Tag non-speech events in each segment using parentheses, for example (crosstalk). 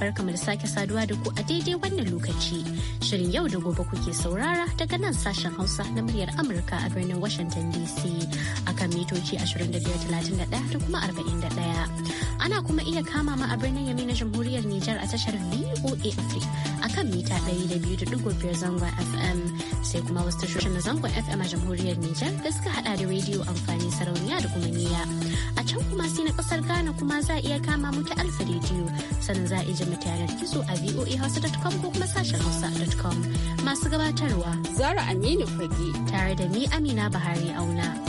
barkamu da sake saduwa da ku a daidai wannan lokaci. Shirin yau da gobe kuke saurara daga nan sashen Hausa na muryar Amurka a birnin Washington DC a kan mitoci 2531 da kuma 41. Ana kuma iya kama ma a birnin Yamina Jamhuriyar Nijar a tashar VOA Africa kan mita 102.5 zangon FM sai kuma wasu tashoshin na zangon FM a jamhuriyar Nijar da suka hada da rediyo amfani sarauniya da kuma niya. A can kuma sai na kasar Ghana kuma za a iya kama muke alfa rediyo sannan za a iya mu ta yanar gizo a voahausa.com ko kuma sashen hausa.com masu gabatarwa. Zara Aminu Fage. Tare da ni Amina Bahari Auna.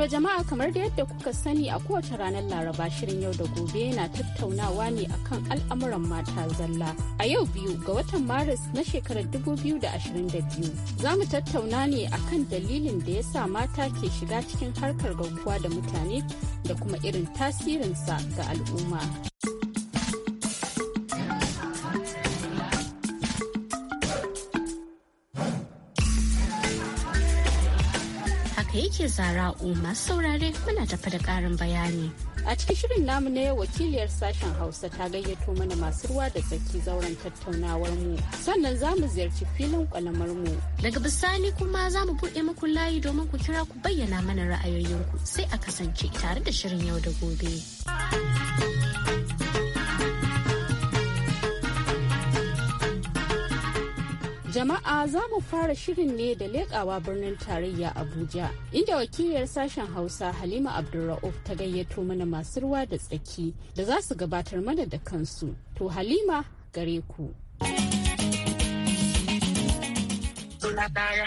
To jama'a kamar da yadda kuka sani a kowace ranar Laraba shirin yau da gobe na tattaunawa ne akan al'amuran mata zalla. A yau biyu ga watan Maris na shekarar da ashirin biyu za mu tattauna ne akan dalilin da ya sa mata ke shiga cikin harkar garkuwa da mutane da kuma irin tasirinsa ga al'umma. zara u masu saurare muna tafi da karin bayani. A cikin shirin namu ne wakiliyar sashen Hausa ta gayyato mana masu ruwa da tsaki zauren tattaunawar mu. Sannan za mu ziyarci filin kwalamar mu. Daga bisani kuma za mu buɗe muku layi domin ku kira ku bayyana mana ra'ayoyinku sai a kasance tare da shirin yau da gobe. Jama'a za mu fara shirin ne da leƙawa birnin tarayya Abuja, inda wakiliyar sashen Hausa Halima Abdulra'uf ta gayyato mana masu ruwa da tsaki da za su gabatar mana da kansu. To Halima gare ku. na ɗaya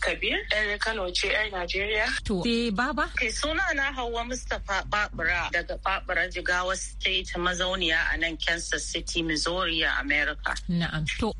Kabir, ɗan Kano ce yar Najeriya. To, sai e, baba? Ke suna na Hauwa Mustapha Babura daga Babura Jigawa State mazauniya a nan Kansas City, Missouri a America. Na'am. To,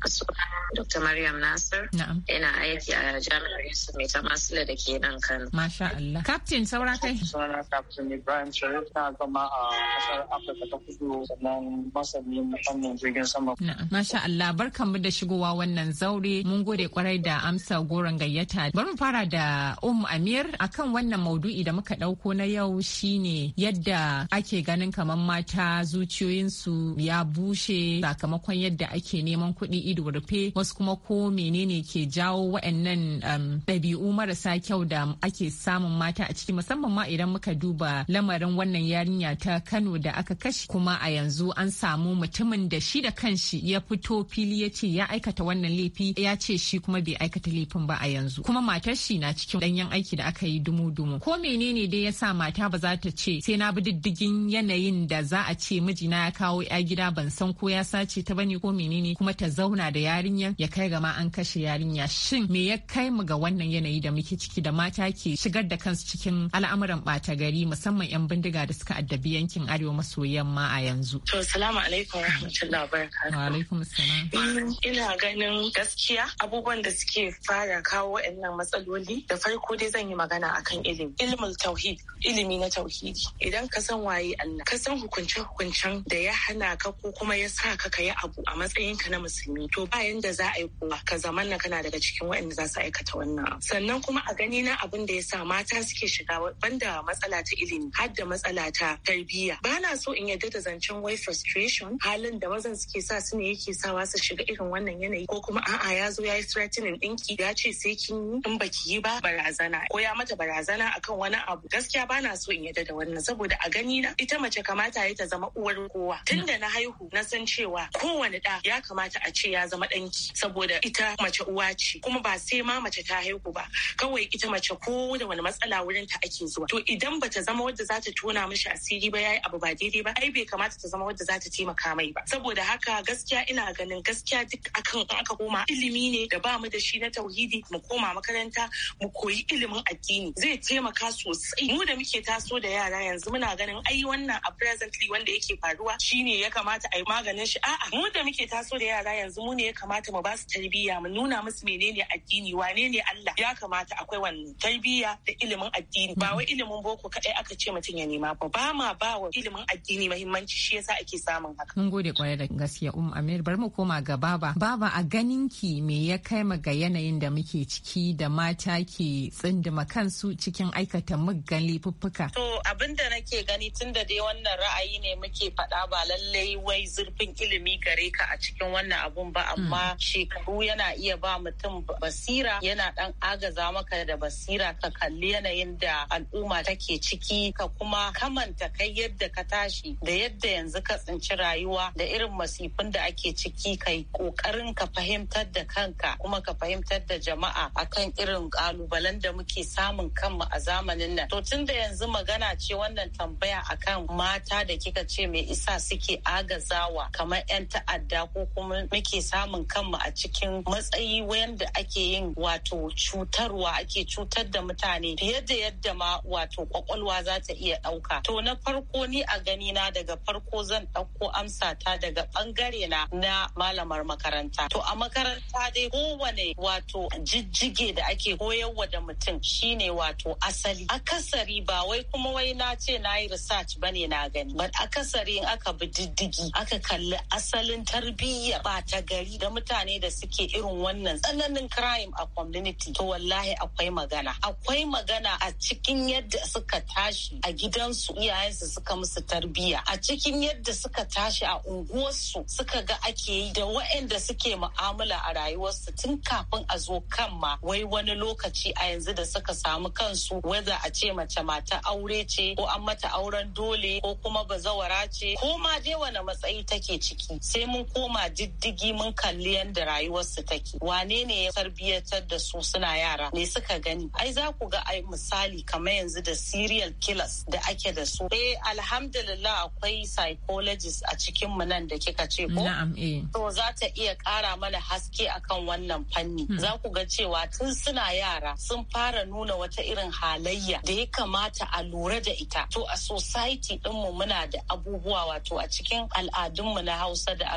Dr. Maryam Nasir. Na'am. Ina aiki a Jami'ar Yusuf Mai ta masu da ke nan Kano. Masha Allah. Captain saura kai. Suna Captain Ibrahim Sharif na zama a kasar Afirka ta Kudu sannan masanin fannin jirgin sama. Na'am. Masha Allah barkanmu da shigowa wannan zaure mun gode kwarai da amsa goron gayyata. Bari mu fara da Um Amir akan wannan maudu'i da muka dauko na yau shine yadda ake ganin kamar mata zuciyoyinsu ya bushe sakamakon yadda ake neman kuɗi ido rufe wasu kuma ko menene ke jawo waɗannan um, ɗabi'u marasa kyau da ake samun mata a ciki musamman ma idan muka duba lamarin wannan yarinya ta Kano da aka kashe kuma a yanzu an samu mutumin da shi da kanshi ya fito fili ya ce ya aikata wannan laifi ya ce shi kuma bai aikata laifin ba a yanzu kuma matar shi na cikin danyen aiki da aka yi dumu-dumu ko menene dai yasa mata ba za ta ce sai na bi diddigin yanayin da za a ce mijina ya kawo ya gida ban san ko ya sace ta bane ko menene kuma ta zauna da yarinya ya kai gama an kashe yarinya shin me ya kai mu ga wannan yanayi da muke ciki da mata ke shigar da kansu cikin al'amuran bata gari musamman yan bindiga da suka addabi yankin arewa maso yamma a yanzu. To salamu alaikum rahmatullahi wa barakatuh Wa alaikum salam. Mm, ina ganin gaskiya abubuwan da suke ke fara kawo waɗannan matsaloli da farko dai zan yi magana akan ilimi ilimin tauhid ilimi na tauhidi idan ka san waye Allah ka san hukunce hukuncen da ya hana ka ko kuma ya sa ka kayi abu a matsayin ka na musulmi to ba yanda za a yi kuma ka zaman na kana daga cikin waɗanda za su aikata wannan sannan kuma a gani na abin da ya sa mata suke shiga banda matsala ta ilimi har da matsala ta tarbiyya ba na so in yadda da zancen wai frustration halin da mazan suke sa su ne yake sawa su shiga irin wannan yanayi ko kuma a'a ya zo ya yi threatening din ki ya ce sai kin yi in baki yi ba barazana ko ya mata barazana akan wani abu gaskiya ba na so in yadda da wannan saboda a gani na ita mace kamata ya ta zama uwar kowa tunda na haihu na san cewa kowane da ya kamata a ce ya zama ɗanki. saboda ita mace uwa ce kuma ba sai ma mace ta haihu ba kawai ita mace ko da wani matsala wurin ta ake zuwa to idan bata zama wadda za ta tona mishi asiri ba ya yi abu ba daidai ba ai bai kamata ta zama wadda za ta taimaka mai ba saboda haka gaskiya ina ganin gaskiya duk akan aka koma ilimi ne da ba mu da shi na tauhidi mu koma makaranta mu koyi ilimin addini zai taimaka sosai mu da muke taso da yara yanzu muna ganin ai wannan a presently wanda yake faruwa shine ya kamata a yi maganin shi a'a mu da muke taso da yara yanzu mu ne ya kamata mu ba su tarbiyya mu nuna musu menene addini wane ne Allah ya kamata akwai wannan tarbiyya da ilimin addini ba wai ilimin boko kadai aka ce mutum ya nema ba ba ma ba wa ilimin addini muhimmanci shi yasa ake samun haka mun gode kwarai da gaskiya um amir bari mu koma ga baba baba a ganin ki me ya kai ma ga yanayin da muke ciki da mata ke tsindima kansu cikin aikata muggan lifuffuka. To abin da nake gani tun da dai wannan ra'ayi ne muke faɗa ba lallai wai zurfin ilimi gare ka a cikin wannan abun ba mm. amma shekaru yana iya ba mutum basira yana dan agaza maka da basira ka kalli yanayin da al'umma take ciki ka kuma kamanta kai yadda ka tashi da yadda yanzu ka tsinci rayuwa da irin masifin da ake ciki kai kokarin ka fahimtar da kanka kuma ka fahimtar fahimtar da jama'a akan irin kalubalen da muke samun kanmu a zamanin nan. To tun da yanzu magana ce wannan tambaya akan mata da kika ce mai isa suke agazawa kamar 'yan ta'adda ko kuma muke samun kanmu a cikin matsayi wanda ake yin wato cutarwa ake cutar da mutane fiye da yadda ma wato kwakwalwa za ta iya ɗauka. To na farko ni a gani na daga farko zan ɗauko amsa ta daga ɓangare na na malamar makaranta. To a makaranta dai kowane wato jijjige da ake koyarwa da mutum shine wato asali akasari ba wai kuma wai na ce na yi research ne na gani ba akasari in aka bi diddigi aka kalli asalin tarbiyya ba ta gari da mutane da suke irin wannan tsananin crime a community to wallahi akwai magana akwai magana a cikin yadda suka tashi a gidansu iyayensu suka musu tarbiyya a cikin yadda suka tashi a unguwarsu suka ga ake yi da wa'anda suke mu'amala a rayuwarsu tun kafin kafin a zo kan ma wai wani lokaci a yanzu da suka samu kansu wanda a ce mace mata aure ce ko an mata auren dole ko kuma bazawara ce ko ma dai wani matsayi take ciki sai mun koma diddigi mun kalli yadda rayuwarsu take wane ne ya tarbiyyatar da su suna yara me suka gani ai za ku ga ai misali kamar yanzu da serial killers da ake da su eh alhamdulillah akwai psychologist a cikin mu nan da kika ce ko eh. to za ta iya kara mana haske akan wannan fanni Mm-hmm. za ku ga cewa tun suna yara sun fara nuna wata irin halayya da ya kamata a lura da ita to a society dinmu muna da abubuwa wato a cikin al'adunmu na hausa da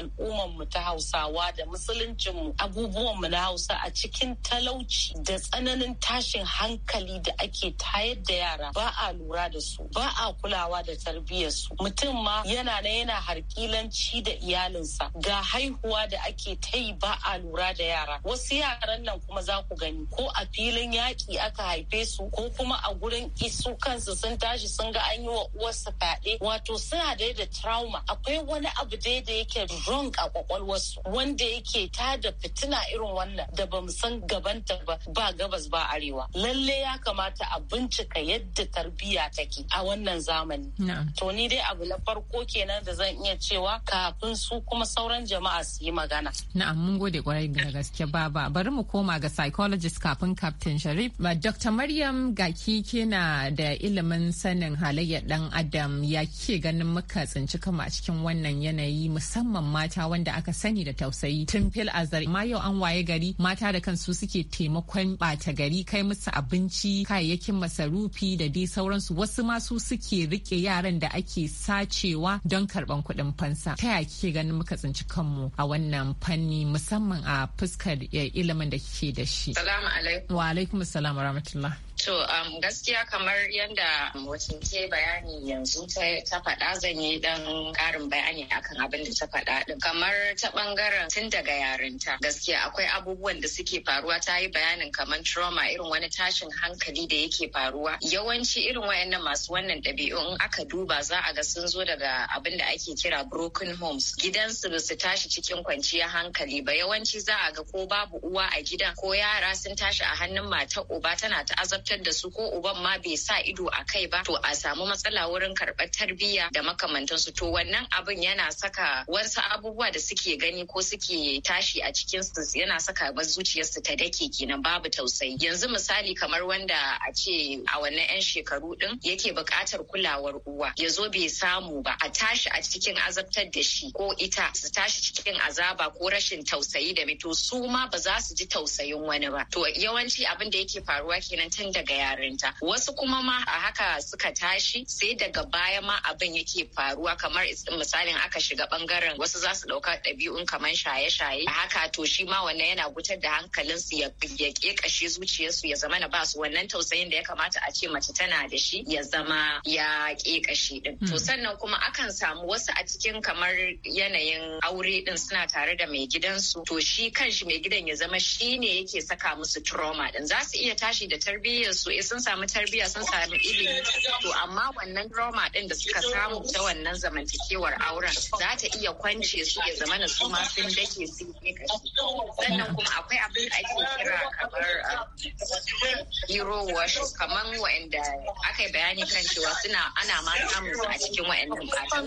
mu ta hausawa da musuluncinmu abubuwanmu na hausa a cikin talauci da tsananin tashin hankali da ake tayar da yara ba a lura da su ba a kulawa da tarbiyyarsu mutum ma yana na yana harkilanci da iyalinsa ga haihuwa da ake ta yi ba a lura da yara wasu yara yaran nan kuma za ku gani ko a filin yaƙi aka haife su ko kuma a gurin isu kansu sun tashi sun ga an yi wa uwarsa fyaɗe wato suna da da trauma akwai wani abu dai da yake wrong a kwakwalwarsu wanda yake tada fitina irin wannan da bamu san gabanta ba ba gabas ba arewa lalle ya kamata a bincika yadda tarbiyya take a wannan zamani to ni dai abu na farko kenan da zan iya cewa kafin su kuma sauran jama'a su yi magana na'am mun gode kwarai da gaske ba bari mu koma ga psychologist kafin captain sharif dr maryam gaki kina da ilimin sanin halayyar dan adam ya ke ganin muka tsinci kama a cikin wannan yanayi musamman mata wanda aka sani da tausayi tun fil azar ma yau an waye gari mata da kansu suke taimakon bata gari kai musu abinci kayayyakin masarufi da dai sauransu wasu ma su suke rike yaran da ake sacewa don karban kuɗin fansa ta ya ke ganin muka tsinci kanmu a wannan fanni musamman a fuskar eh, ilimin ilimin da kike da shi. Salamu alaikum. Wa alaikum salam wa rahmatullah. To um, gaskiya kamar yadda mutum ke bayani yanzu ta faɗa zan yi ɗan ƙarin bayani akan abin da ta faɗa ɗin. Kamar ta ɓangaren tun daga yarinta gaskiya akwai abubuwan da suke faruwa ta yi bayanin kamar trauma irin wani tashin hankali da yake faruwa. Yawanci irin wayannan masu wannan ɗabi'un aka duba za a ga sun zo daga abin da ake kira broken homes. Gidansu ba su tashi cikin kwanciya hankali ba yawanci za a ga ko babu uwa a gidan ko yara sun tashi a hannun matar uba tana ta azabtar tarbiyyantar da su ko uban ma bai sa ido a kai ba to a samu matsala wurin karɓar tarbiyya da makamantansu to wannan abin yana saka wasu abubuwa da suke gani ko suke tashi a cikin su yana saka ba zuciyarsu ta dake kenan babu tausayi yanzu misali kamar wanda a ce a wannan 'yan shekaru din yake buƙatar kulawar uwa ya zo bai samu ba a tashi a cikin azabtar da shi ko ita su tashi cikin azaba ko rashin tausayi da mito su ma ba za su ji tausayin wani ba to yawanci abin da yake faruwa kenan tun da daga yarinta wasu kuma ma a haka suka tashi sai daga baya ma abin yake faruwa kamar misalin aka shiga bangaren wasu za su ɗauka ɗabi'un kamar shaye-shaye a haka to shi ma wannan yana gutar da hankalin su ya ƙeƙashe zuciyarsu ya zama na ba su wannan tausayin da ya kamata a ce mace tana da shi ya zama ya ƙeƙashe din to hmm. sannan kuma akan samu wasu a cikin kamar yanayin aure din suna tare da mai gidansu to shi kanshi mai gidan ya zama shi ne yake saka musu trauma din za su iya tashi da tarbiyyar su eh, sun samu tarbiyya sun samu ilimi to amma wannan trauma din da suka samu ta wannan zamantakewar auren za ta iya kwance su ya zama na su ma sun dake su ne sannan kuma akwai abin da ake kira kamar um, hero wash kamar wa'anda aka yi bayani kan cewa suna ana ma samun a cikin wa'annan ɓata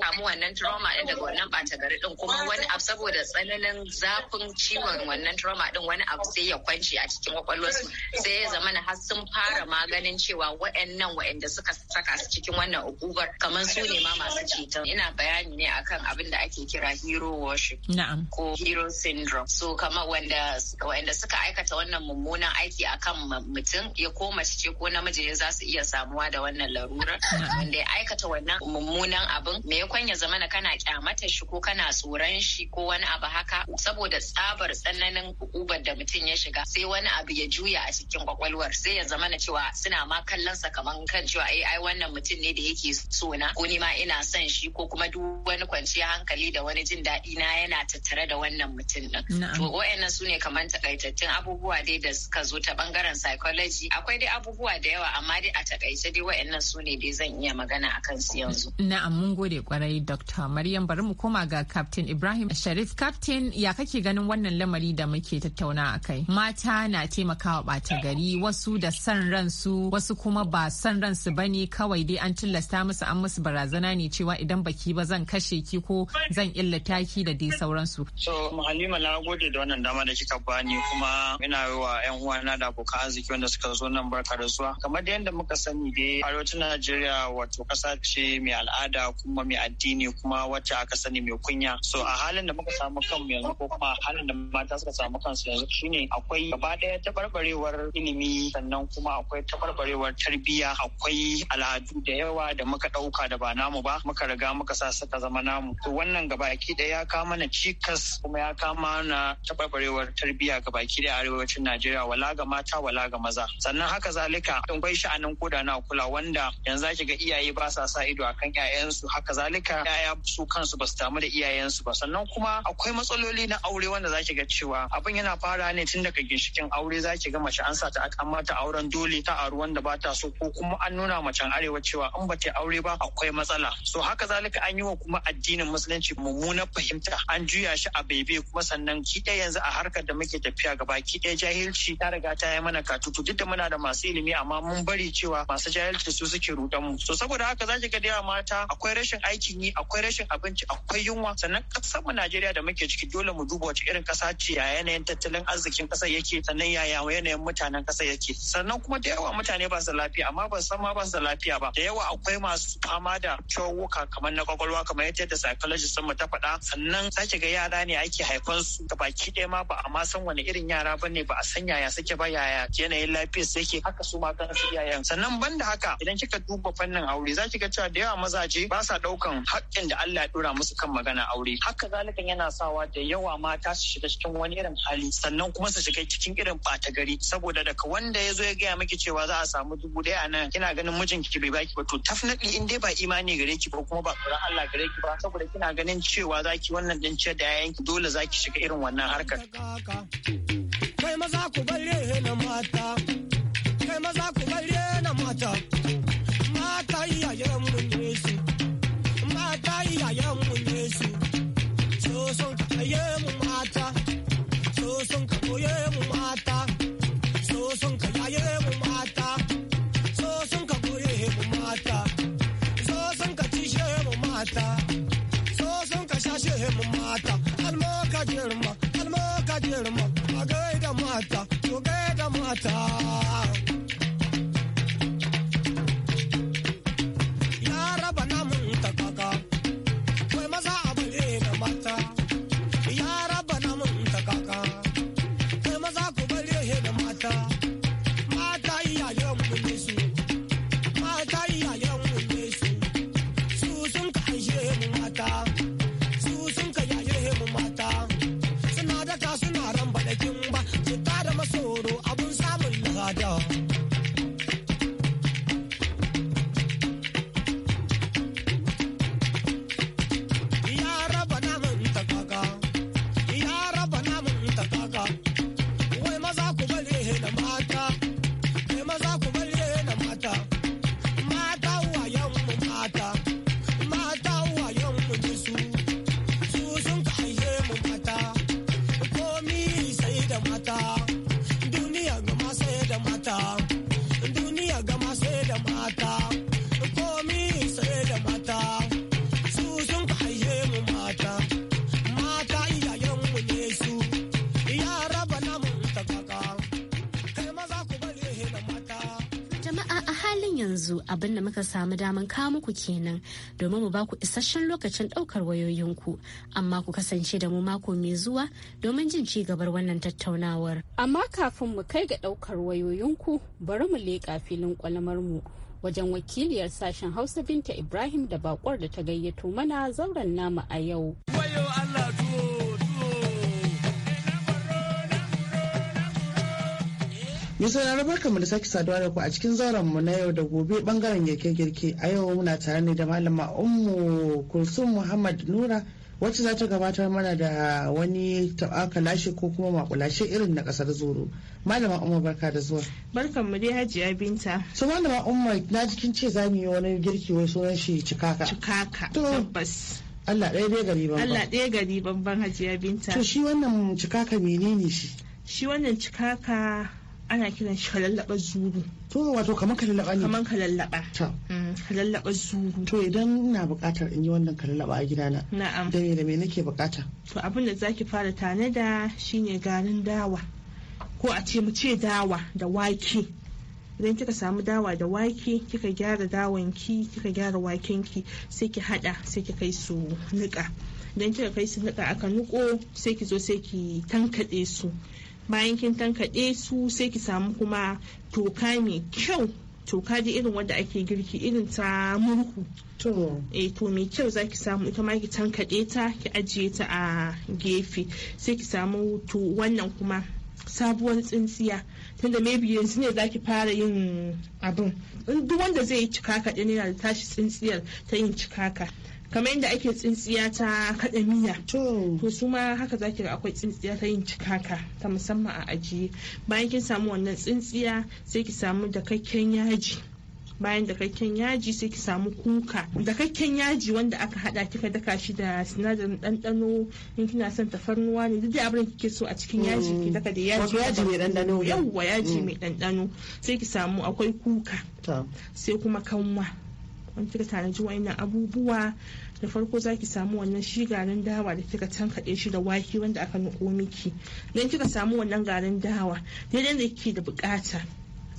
samu wannan trauma din daga wannan ɓata gari din kuma wani abu saboda tsananin zafin ciwon wannan trauma din wani abu sai ya kwance a cikin kwakwalwarsu sai ya zama na hasa sun fara maganin cewa waɗannan waɗanda suka saka su cikin wannan ukubar kamar su ne ma masu ceton ina bayani ne akan abin da ake kira hero worship na'am ko hero syndrome so kamar wanda waɗanda suka aikata wannan mummunan aiki akan mutum ya koma shi ko namiji ya za su iya samuwa da wannan larurar wanda ya aikata wannan mummunan abin me ya kwanya ya zamana kana kyamata shi ko kana tsoron shi ko wani abu haka saboda tsabar tsananin ugubar da mutum ya shiga sai wani abu ya juya a cikin kwakwalwar sai sai ya zama na cewa suna ma kallon sa kaman kan cewa ai eh, ai wannan mutum ne da yake so na ko ni ma ina son shi ko kuma duk wani kwanciya hankali da wani jin daɗi na yana tattare da wannan mutum din to wayannan su ne kaman takaitattun abubuwa dai da suka zo ta bangaren psychology akwai dai abubuwa da yawa amma dai a takaice dai wayannan su ne dai zan iya magana akan su yanzu na'am mun gode kwarai dr maryam bari mu koma ga captain ibrahim sharif captain ya kake ganin wannan lamari da muke tattauna akai mata na taimakawa ɓata gari wasu da san ransu wasu kuma ba san ransu ba ne kawai dai an tilasta musu an musu barazana ne cewa idan baki ba zan kashe ki ko zan illata ki da dai sauransu. So Halima na gode da wannan dama da kika bani kuma ina yi wa 'yan uwana da abokan arziki wanda suka zo nan barka da zuwa. Kamar da yadda muka sani dai arewacin Najeriya wato ƙasa ce mai al'ada kuma mai addini kuma wacce aka sani mai kunya. So a halin da muka samu kanmu yanzu ko kuma halin da mata suka samu kansu yanzu shine akwai gaba ɗaya tabarbarewar ilimi sannan sannan kuma akwai tabarbarewar tarbiyya akwai al'adu da yawa da muka ɗauka da ba namu ba muka riga muka sa suka zama namu to wannan gabaki ɗaya ya kama na cikas kuma ya kama na tabarbarewar tarbiyya gabaki ɗaya arewacin Najeriya wala ga mata wala ga maza sannan haka zalika in bai sha'anin koda na kula wanda yanzu zaki ga iyaye ba sa sa ido akan ƴaƴansu haka zalika ƴaƴa su kansu ba su damu da iyayensu ba sannan kuma akwai matsaloli na aure wanda zaki ga cewa abin yana fara ne tun daga ginshikin aure zaki ga mace an sa ta an mata auren dole ta aru wanda ba ta so ko kuma an nuna macen arewa cewa in ba ta aure ba akwai matsala so haka zalika an yi wa kuma addinin musulunci mummunar fahimta an juya shi a bebe kuma sannan ki ɗaya yanzu a harkar da muke tafiya gaba ki ɗaya jahilci ta riga ta yi mana katutu duk da muna da masu ilimi amma mun bari cewa masu jahilci su suke rudan mu so saboda haka zaki ga dawa mata akwai rashin aikin yi akwai rashin abinci akwai yunwa sannan kasar mu Najeriya da muke ciki dole mu duba wace irin kasa ce ya yanayin tattalin arzikin kasar yake sannan yaya yanayin mutanen kasar yake sannan kuma da yawa mutane ba su lafiya amma ba san ma ba su lafiya ba da yawa akwai masu fama da ciwuka kamar na kwakwalwa kamar yadda da psychologist sun ta faɗa sannan sake ga yara ne ake haifan su ta baki ɗaya ma ba a ma san wani irin yara ba ne ba a san yaya suke ba yaya yanayin lafiyar su yake haka su ma kansu iyayen sannan banda haka idan kika duba fannin aure za ki ga cewa da yawa mazaje ba sa ɗaukan haƙƙin da Allah ya ɗora musu kan magana aure haka zalikan yana sawa da yawa mata su shiga cikin wani irin hali sannan kuma su shiga cikin irin ɓata gari saboda daga wanda ya zo ya gaya miki cewa za a samu dubu ɗaya a nan kina ganin mijin ki bai baki ba to tafnadi in dai ba imani gare ki ba kuma ba tsoron Allah gare ki ba saboda kina ganin cewa za ki wannan din ciyar da 'ya'yanki dole za ki shiga irin wannan harkar. Kai maza ku bari abin da muka samu daman kawo muku kenan domin mu ba ku isasshen lokacin ɗaukar wayoyinku amma ku kasance da mu mako mai zuwa domin jin ci gabar wannan tattaunawar. Amma kafin mu kai ga ɗaukar wayoyinku bari mu leƙa filin mu wajen wakiliyar sashen Hausa Binta Ibrahim da bakwar da ta gayyato mana zauren namu a yau. Mai sauraro barkamu da sake saduwa da ku a cikin zauren mu na yau da gobe bangaren yake girke a yau muna tare ne da malama Ummu Kulsum Muhammad Nura wacce za ta gabatar mana da wani lashe ko kuma makulashe irin na kasar zoro malama umar barka da zuwa barkan mu dai hajiya binta so malama umar na jikin ce za mu yi wani girki wai sunan shi cikaka cikaka tabbas Allah ɗaya dai gari banban Allah ɗaya gari banban hajiya binta to shi wannan cikaka menene shi shi wannan cikaka ana kiran shi kalallaba zuru to wato kamar kalallaba ne kamar kalallaba mm, kalallaba zuru to idan ina buƙatar in yi wannan kalallaba a na. na'am da me da me nake buƙata to abin da zaki fara tanada shine garin dawa ko a ce mu ce dawa da wake idan kika samu dawa da wake kika gyara dawanki kika gyara wakenki sai ki hada sai ki kai su niƙa idan kika kai su niƙa aka nuko sai ki zo sai ki tankade su bayan kin tankaɗe su sai ki samu kuma toka mai kyau toka da irin wanda ake girki irin ta murhu to eh, to mai kyau zaki samu ita ma ki tankaɗe ta ki ajiye ta a gefe sai ki samu to wannan kuma sabuwar tsintsiya tunda maybe yanzu ne za ki fara yin abin duk wanda zai yi cikaka ɗin yana da tashi tsintsiyar ta yin cikaka kamar yadda ake tsintsiya ta kaɗa miya to su ma haka zaki ga akwai tsintsiya ta yin cikaka ta musamman a ajiye bayan kin samu wannan tsintsiya sai ki samu dakakken yaji bayan dakakken yaji sai ki samu kuka dakakken yaji wanda aka hada kika daka shi da sinadarin dandano in kina son tafarnuwa ne duk da abin kike so a cikin yaji ki daka da yaji yaji mai dandano yawwa yaji mm. mai dandano sai ki samu akwai kuka sai kuma kanwa in kika tanaji wa'annan abubuwa da farko za ki samu wannan shi garin dawa da kika tankaɗe shi da wake wanda aka nuko miki don kika samu wannan garin dawa daidai da kike da bukata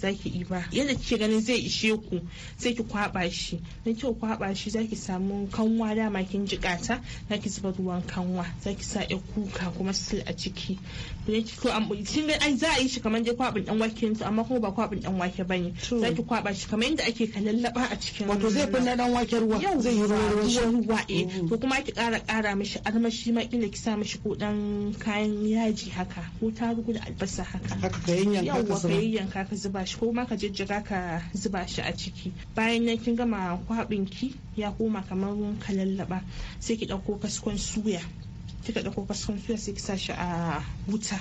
zaki yi ba yadda kike ganin zai ishe ku sai ki kwaba shi dan kika kwaba shi zaki samu kanwa dama kin jikata ki zuba ruwan kanwa zaki sa ya kuka kuma sil a ciki ne ki ko kin ga ai za a yi shi kamar dai kwabin dan wake to amma kuma ba kwabin dan wake bane zaki kwaba shi kamar yadda ake kalallaba a cikin wato zai fi na dan wake ruwa zai yi ruwa ruwa eh mm-hmm. to kuma ki kara kara mishi armashi ma kila ki sa mishi ko dan kayan yaji haka ko tarugu da albasa haka haka ka yanyanka ka zuba shi ko ma ka jijjiga ka zuba shi a ciki bayan nan kin gama kwabin ki ya koma kamar ka lallaba sai ki ɗauko kaskon suya kika ɗauko kaskon suya sai ki sa shi a wuta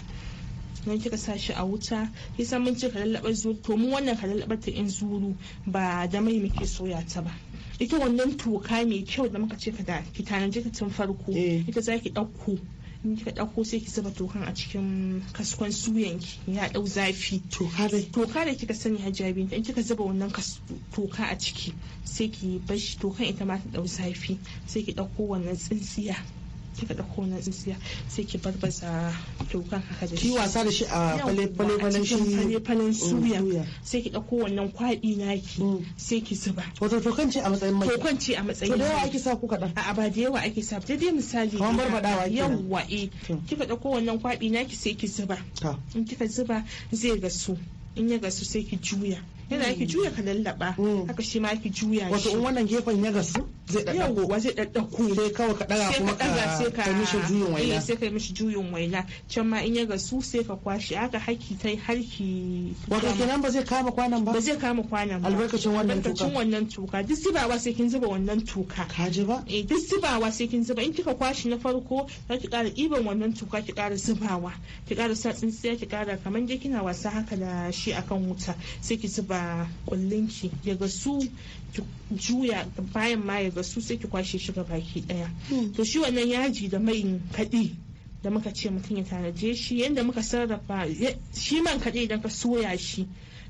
don kika sa shi a wuta san mun ce kalallabar zuru to mu wannan lallaba ta in zuru ba da mai muke soya ta ba ita wannan toka mai kyau da muka ce ka da ki tanaji ka tun farko eh. ita za ki ɗauko in kika dauko sai ki zuba tokan a cikin kaskon suyan ki ya dau zafi toka da toka da kika sani hajiya in kika zuba wannan toka a ciki sai ki bar shi tokan ita ma ta dau zafi sai ki dauko wannan tsintsiya kika dauko na tsintsiya sai ki barbaza dokan haka da shi ki wasa da shi a fale fale fale shi fale fale mm, suya sai ki dauko wannan kwaɗi naki mm. sai ki zuba wato tokan ce a matsayin mai tokan ce a matsayin da yawa ake sa ku kaɗan a ba da yawa ake sa da dai misali kamar barbadawa yawa eh kika dauko wannan kwaɗi naki sai ki zuba in kika zuba zai gasu in ya gasu sai ki juya yana ki mm. juya ka lallaba haka shi ma ki juya shi wato in wannan gefen ya gasu zai daddako zai daddako sai kawai ka daga kuma ka kai mishi juyin waina eh, sai ka mishi juyin waina can ma in ya gasu sai ka kwashi haka haki tai harki wato kenan ba zai kama kwanan ba ba zai kama kwanan ba albarkacin wannan tuka albarkacin wannan tuka duk zubawa sai kin zuba wannan tuka ka ji ba eh duk zubawa sai kin zuba in kika kwashi na farko za ki kara iban wannan tuka ki kara zubawa ki kara sa tsintsiya ki kara kamar je kina wasa haka da shi akan wuta sai ki zuba kullun ki ya gasu ki juya bayan ma ya gasu sai ki kwashe shi ga baki daya hmm. to shi wannan yaji da mai kadi da muka ce mutum ya tanaje shi yadda muka sarrafa shi man kadi idan ka soya shi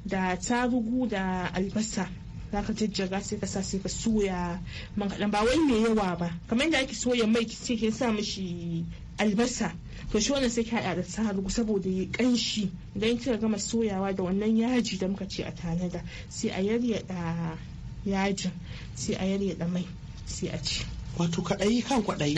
da tarugu da albasa za ka jajjaga sai ka sa sai ka soya man kaɗan ba wai mai yawa ba kamar yadda ake soya mai ki ce sa mishi albasa to shi wannan sai ki haɗa da tarugu saboda ya ƙanshi idan kika gama soyawa da wannan yaji da muka ce a tanada sai a yaryada yajin sai a yarye mai sai a ci wato kaɗayi kan kwaɗayi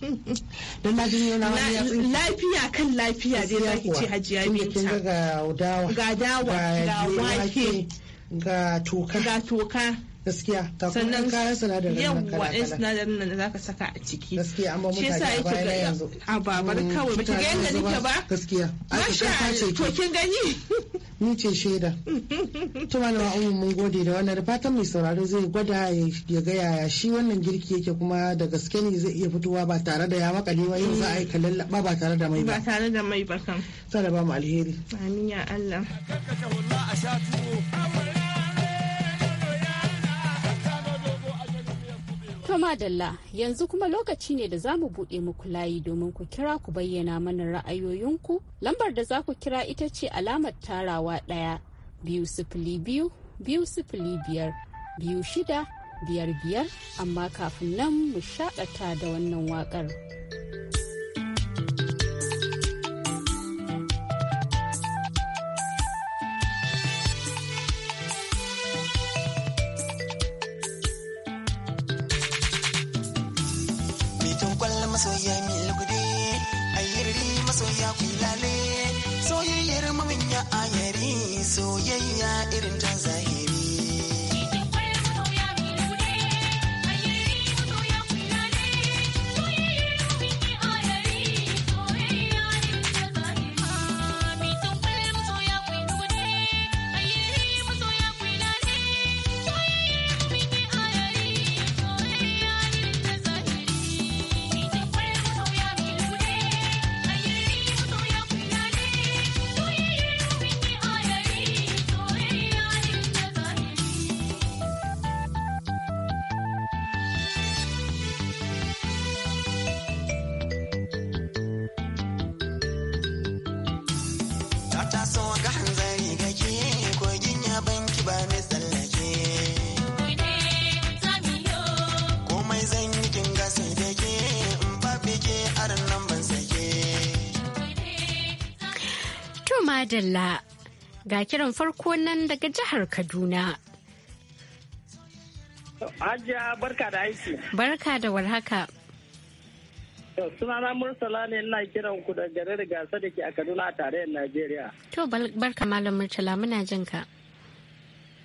(laughs) don na jin yana wani ya lafiya kan lafiya dai zai zaki ce hajiya minta ga dawa ga dawa ga wake ga toka ga toka gaskiya sannan kayan sinadarin nan kala kala sinadarin nan da zaka saka a ciki gaskiya an ba mutane a baya yanzu a babar mm, kawai ba ki ga yanda nike ba gaskiya masha to kin gani (laughs) ni ce shaida to malama ummu mun gode da wannan da fatan mai sauraro zai gwada ya ga yaya shi wannan girki yake kuma da gaske ne zai iya fitowa ba tare da ya makale ba yin za a yi ba tare da mai ba ba tare da mai ba kan sai da ba mu alheri amin ya Allah To Madalla yanzu kuma lokaci ne da za mu buɗe muku layi domin ku kira ku bayyana mana ra'ayoyinku. Lambar da za ku kira ita ce alamar tarawa ɗaya biyu sifili biyu biyu sifili biyar biyu shida biyar biyar amma kafin nan mu shaƙata da wannan waƙar. ilale soyayyar mamin ya ayari soyayya irin ta Adalla ga kiran farko nan daga jihar Kaduna. Hajiya barka da aiki. Barka da warhaka. Sunana Murtala ne ina kiran ku da garin gasa da ke a Kaduna a tarayyar Najeriya. To barka Malam Murtala muna jin ka.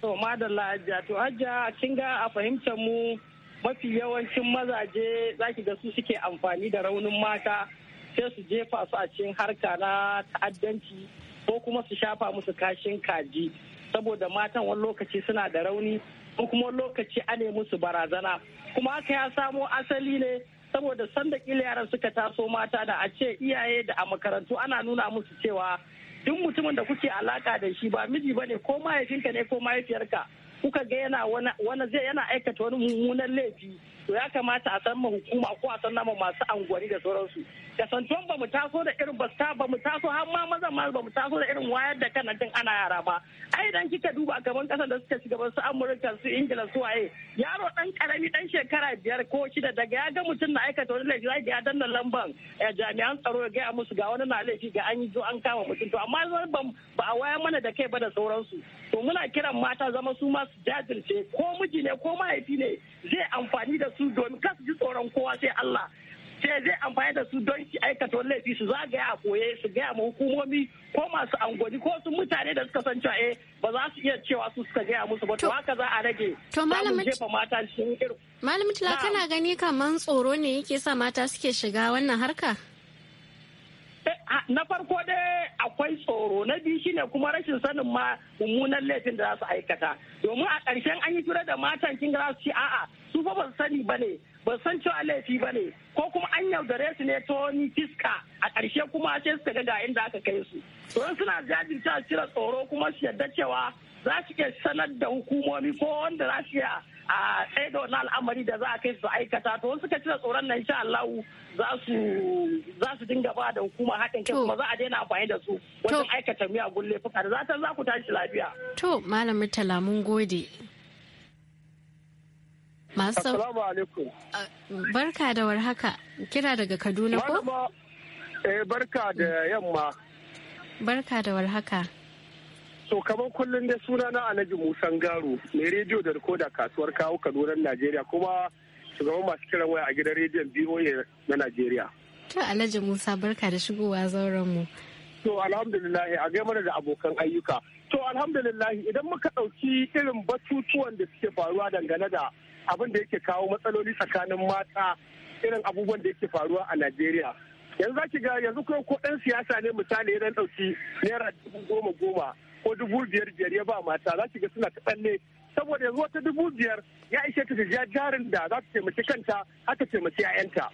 To madalla Hajiya to Hajiya kin ga a fahimtar mu mafi yawancin mazaje zaki ga su suke amfani da raunin mata sai su jefa su a cikin harka na ta'addanci ko kuma su shafa musu kashin kaji saboda matan wani lokaci suna da rauni ko kuma lokaci a ne musu barazana kuma haka ya samo asali ne saboda sanda kila yaran suka taso mata da a ce iyaye da a makarantu ana nuna musu cewa duk mutumin da kuke alaka da shi ba miji bane ko mahaifinka ne ko mahaifiyarka kuka ga yana wani zai yana aikata wani mummunan laifi to ya kamata a san hukuma ko a san nama masu angwani da sauransu tun ba mu taso da irin ba ba mu taso har ma maza ma ba mu taso da irin wayar da kan din ana yara ba ai dan kika duba gaban kasar da suka shiga su amurka su ingila su waye yaro dan karami dan shekara biyar ko shida daga ya ga mutum na aikata wani laifi zai ya danna lamban eh, jami'an tsaro ya gaya musu ga wani na laifi ga an yi zo an kama mutum to amma ba a waya mana da kai ba da sauransu to muna kiran mata zama su masu jajirce ko miji ne ko mahaifi ne zai amfani da su domin su ji tsoron kowa sai Allah sai zai amfani da su don ki aikata wani laifi su zagaya a koye su gaya ma hukumomi ko masu angoni ko su mutane da suka san cewa eh, ba za su iya cewa su suka gaya musu ba to haka za a rage to jefa mata cikin irin malamin tila kana gani kaman tsoro ne yake sa mata suke shiga wannan harka Eh, na farko dai akwai tsoro na biyu shine kuma rashin sanin ma mummunan laifin da za su aikata domin a ƙarshen an yi tura da matan kin za su ci a'a su fa ba su sani ba ne ba san cewa laifi ba ne ko kuma an yaudare su ne ta wani fiska a ƙarshe kuma sai suka ga ga inda aka kai su to suna jajirce cire tsoro kuma su yarda cewa za su iya sanar da hukumomi ko wanda za su a tsaye da wani al'amari da za a kai su aikata to suka cire tsoron nan insha Allah za su dinga ba da hukuma haɗin kai kuma za a daina amfani da su wajen aikata miyagun laifuka da zata za ku tashi lafiya. To Malam Murtala mun gode. Masu Barka da warhaka kira daga Kaduna ko? Eh barka da yamma. Barka da warhaka. So kamar kullum da suna na Alhaji Musan Garu mai rediyo da rikoda kasuwar kawo Kaduna Najeriya kuma shugaban masu kiran waya a gidan rediyon BOA na Najeriya. To Alhaji Musa barka da shigowa zauren mu. To alhamdulillah a mana da abokan ayyuka. To alhamdulillah idan muka ɗauki irin batutuwan da suke faruwa dangane da abin da yake kawo matsaloli tsakanin mata irin abubuwan da yake faruwa a Najeriya. Yanzu za ki ga yanzu ko ɗan siyasa ne misali ya ɗauki naira dubu goma goma ko dubu biyar biyar ya ba mata za ki ga suna tsalle saboda yanzu wata dubu biyar ya ishe ta ta jarin da za ta taimaki kanta haka taimaki 'ya'yanta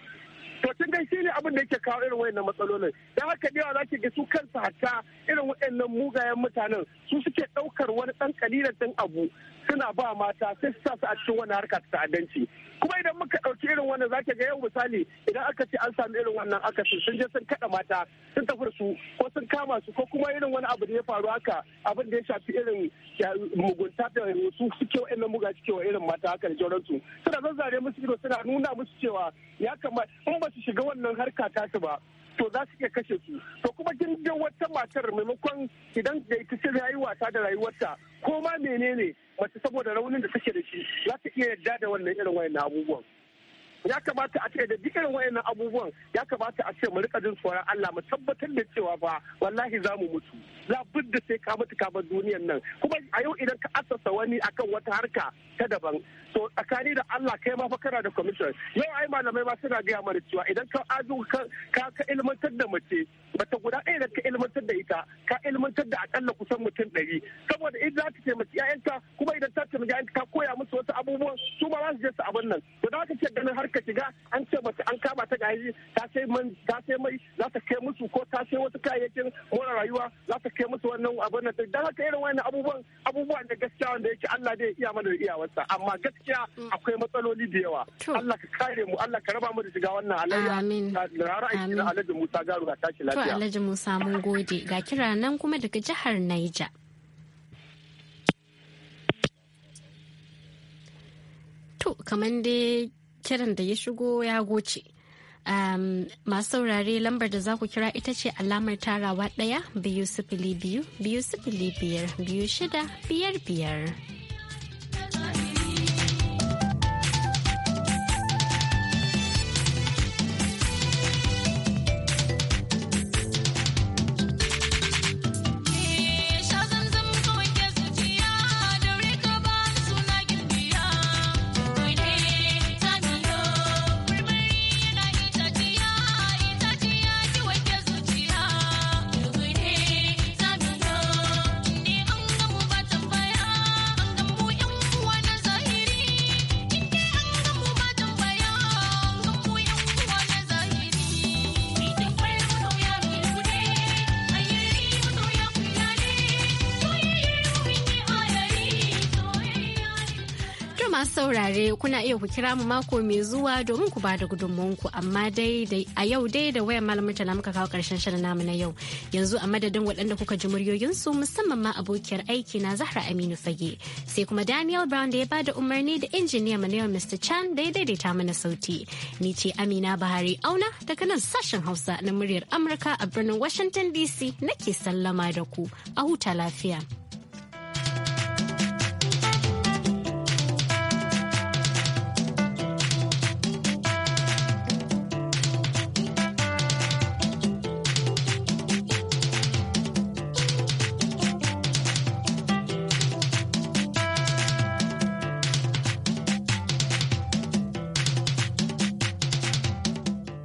to tun dai shine abin da yake kawo irin wayannan matsalolin da haka da yawa zaki ga su kansu hatta irin wayannan mugayen mutanen su suke ɗaukar wani ɗan kalilan ɗin abu suna ba mata sai su sa su a cikin wani harka ta ta'addanci kuma idan muka ɗauki irin wannan zaka ga yau misali idan aka ce an sami irin wannan aka ce sun je sun kaɗa mata sun tafi su ko sun kama su ko kuma irin wani abu da ya faru haka abin da ya shafi irin mugunta da su suke nan muga suke wa irin mata haka da sauransu suna zazzare musu ido suna nuna musu cewa ya kamata in ba su shiga wannan harka ta su ba to za su iya kashe su to kuma kin ga wata matar maimakon idan da ita ce yi wasa da rayuwarta ko ma menene mace saboda raunin da take da shi za ta iya yarda da wannan irin wayannan abubuwan ya kamata a ce da dukkan wayannan abubuwan ya kamata a ce mu rika jin tsoron Allah mu tabbatar da cewa ba wallahi za mu mutu da sai ka mutu ka bar duniyar nan kuma a yau idan ka assasa wani akan wata harka ta daban to tsakani da Allah kai ma fa kana da commission yau ai malamai ma suna gaya mara cewa idan ka azu ka ka ilmantar da mace bata guda ɗaya da ka ilmantar da ita ka ilmantar da akalla kusan mutum ɗari saboda in za ta taimaki 'ya'yanta kuma idan ta taimaki 'ya'yanta ka koya musu wasu abubuwan su ma za su je su abin nan to da ka ce ganin har ka shiga an ce mace an kama ta gaji ta sai ta sai mai za ta kai musu ko ta sai wasu kayayyakin more rayuwa za ta kai musu wannan abin nan dan haka irin wannan abubuwan abubuwan da gaskiya wanda yake Allah zai iya mana iyawarsa amma gaskiya mm. akwai matsaloli da yawa Allah ka kare mu Allah ka raba mu da shiga wannan alayya amin ra'ayi Alhaji Musa Garu ga tashi lafiya to Alhaji Musa mun gode ga kira nan kuma daga jihar Niger To, kamar dai kiran da ya shigo ya goce. Um, masu saurare lambar da za ku kira ita ce alamar tarawa ɗaya biyu sifili biyu biyu sifili biyar biyu shida biyar biyar. masu saurare kuna iya ku kira mu mako mai zuwa domin ku ba da ku amma dai a yau dai da wayar malamin tana muka kawo karshen shirin namu na yau yanzu a madadin waɗanda kuka ji muryoyinsu musamman ma abokiyar aiki na Zahra Aminu Fage sai kuma Daniel Brown da ya ba da umarni da injiniya mu yau Mr. Chan da ya daidaita mana sauti ni ce Amina Bahari Auna daga nan sashen Hausa na muryar Amurka a birnin Washington DC nake sallama da ku a huta lafiya.